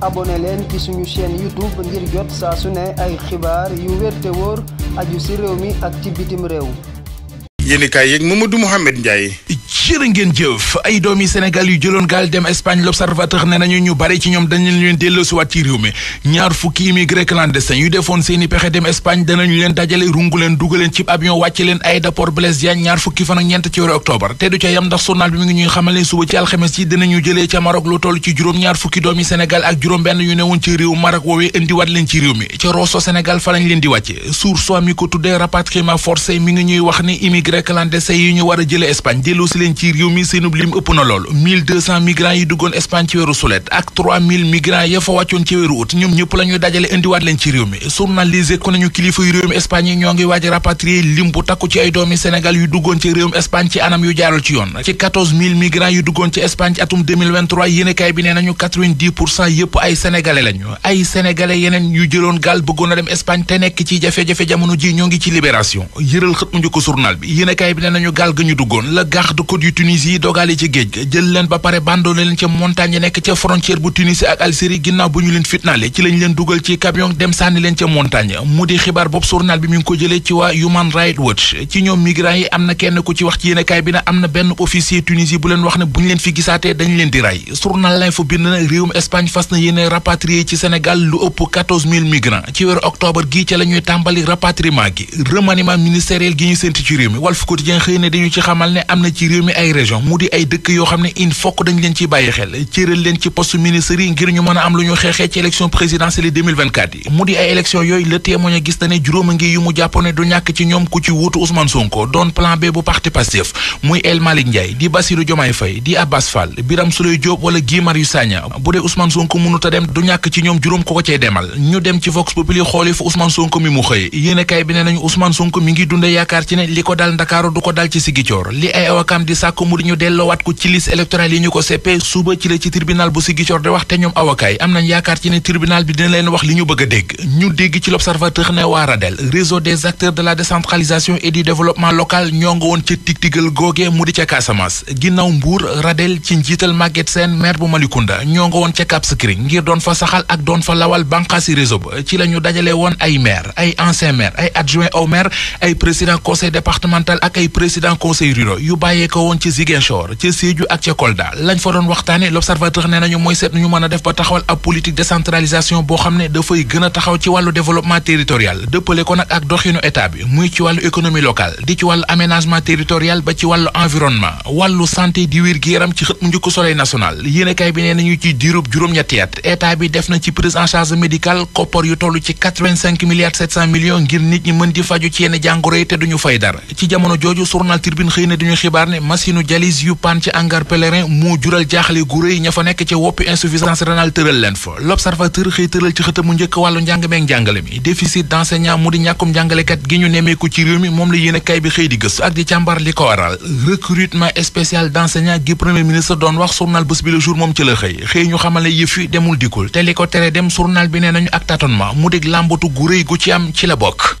abonné leen ci suñu chaîne YouTube ngir jot saa su ne ay xibaar yu wér te wóor aju ci réew mi ak ci bitim réew. yéen i kaay yeeg Mamadou Mouhamed Ndiaye. jërë ngeen jëf ay doomi Sénégal yu jëloon gaal dem Espagne l'observateur ne nañu ñu bari ci ñoom dañu leen delloosiwaat ci réew mi ñaar fukki immigré clandestin yu defoon seeni pexe dem Espagne danañu leen dajale rungu leen dugaleen cib avion wàcce leen aéroport Blaise Diagne ñaar fukki fan ak ñeent ci weeru octobre te du ca yam ndax journal bi mi ngi ñuy xamal ne suba ci alxames yi dinañu jëlee ca Maroc lu toll ci juróom ñaar fukki doomi Sénégal Sénégal ñuy wax ni immigré clandestin yi ñu war a jële Espagne delloosi fàttaleen ci réew mi seenub lim ëpp na lool migrants yi duggoon Espagne ci weeru sulet ak migrants ya fa wàccoon ci weeru ut ñoom ñëpp la dajale indiwaat leen ci réew mi journalisé ko nañu kilifa yu réewum Espagne yi ñoo ngi waaj rapatrier lim bu takku ci ay doomi Sénégal yu duggoon ci réewum Espagne ci anam yu jaarul ci yoon ci migrants yu duggoon ci Espagne atum 2023 bi nee nañu pour cent yëpp ay sénégalais lañu ay sénégalais yeneen yu jëloon côte yu Tunisie yi dogaale ci géej ga jël leen ba pare bandoo leen ca montagne yi nekk ca frontière bu Tunisie ak Algérie ginnaaw bu ñu leen fitnaale ci lañ leen dugal ci camion dem sànni leen ca montagne mu di xibaar boobu journal bi mi ngi ko jëlee ci waa Human Rights Watch ci ñoom migrants yi am na kenn ku ci wax ci yéenekaay bi na am na benn officier Tunisie bu leen wax ne bu ñu leen fi gisaatee dañ leen di rey journal L'Info bind na réewum Espagne fas na yéene rapatrier la ñuy tàmbali rapatriement gi remaniement ministériel réew mi ay région mu di ay dëkk yoo xam ne in fokk dañ leen ci bàyyi xel cëral leen ci poste ministres ngir ñu mën a am lu ñu xeexee ci élection présidentielle mu di ay élection yooyu le témoin a gis na ne juróoma ngi yu mu jàppone du ñàkk ci ñoom ku ci wuutu Ousmane Sonko doon plan B bu parti Pastef muy El Malick Ndiaye di Bassirou Diomaye Faye di Abbas Fall Birame Souleye Diop wala Guy Marius Sagna bu dee Ousmane Sonko mënut a dem du ñàkk ci ñoom juróom di sàkku mu di ñu delloowaat ko ci liste électorale yi ñu ko seppe suba ci la ci tribunal bu Ziguinchor di wax te ñoom avocat yi am nañ yaakaar ci ne tribunal bi dina leen wax li ñu bëgg a dégg ñu dégg ci l'observateur ne waa RADEL réseau des acteurs de la décentralisation et du développement local ñoo nga woon ca tig-tigal googe mu di ca Casamance ginnaaw Mbour RADEL ci njiital màgget seen maire bu Malicounda ñoo nga woon ca Cap Skirring ngir doon fa saxal ak doon fa lawal banqaasi réseau ba la ñu dajale woon ay maire ay ancien maire ay adjoint au maire ay président conseil départemental ak ay président conseil rural yu bàyyee ko woon ci Ziguinchor ca Sédhiou ak ca Kolda lañ fa doon waxtaane l'observateur nee nañu mooy seet ñu mën def ba taxawal ab politique décentralisation boo xam ne dafay gën taxaw ci wàllu développement territorial dëppale ko nag ak doxinu état bi muy ci wàllu économie locale di ci wàllu aménagement territorial ba ci wàllu environnement wàllu santé di wér gi ci xët mu njëkk soleil national yéenekaay bi nee nañu ci diirub juróom-ñetti at état machine dialyse yu pan ci hangar pèlerin moo jural jaaxle gu rëy ña fa nekk ci woppi insuffisance rénale tëral leen fa l'observateur xëy tëral ci xëtamu njëkk wàllu njàng njàngale mi déficit d'enseignant mu di ñàkkum njàngalekat gi ñu nemmeeku ci réew mi moom la yéene kay bi xëy di gëstu ak di càmbar li ko waral recrutement spécial d'enseignant gi premier ministre doon wax journal bés bi le jour moom ci la xëy xëy ñu xamal ne yëf yi demul dikkul te li ko tere dem journal gu am ci la bokk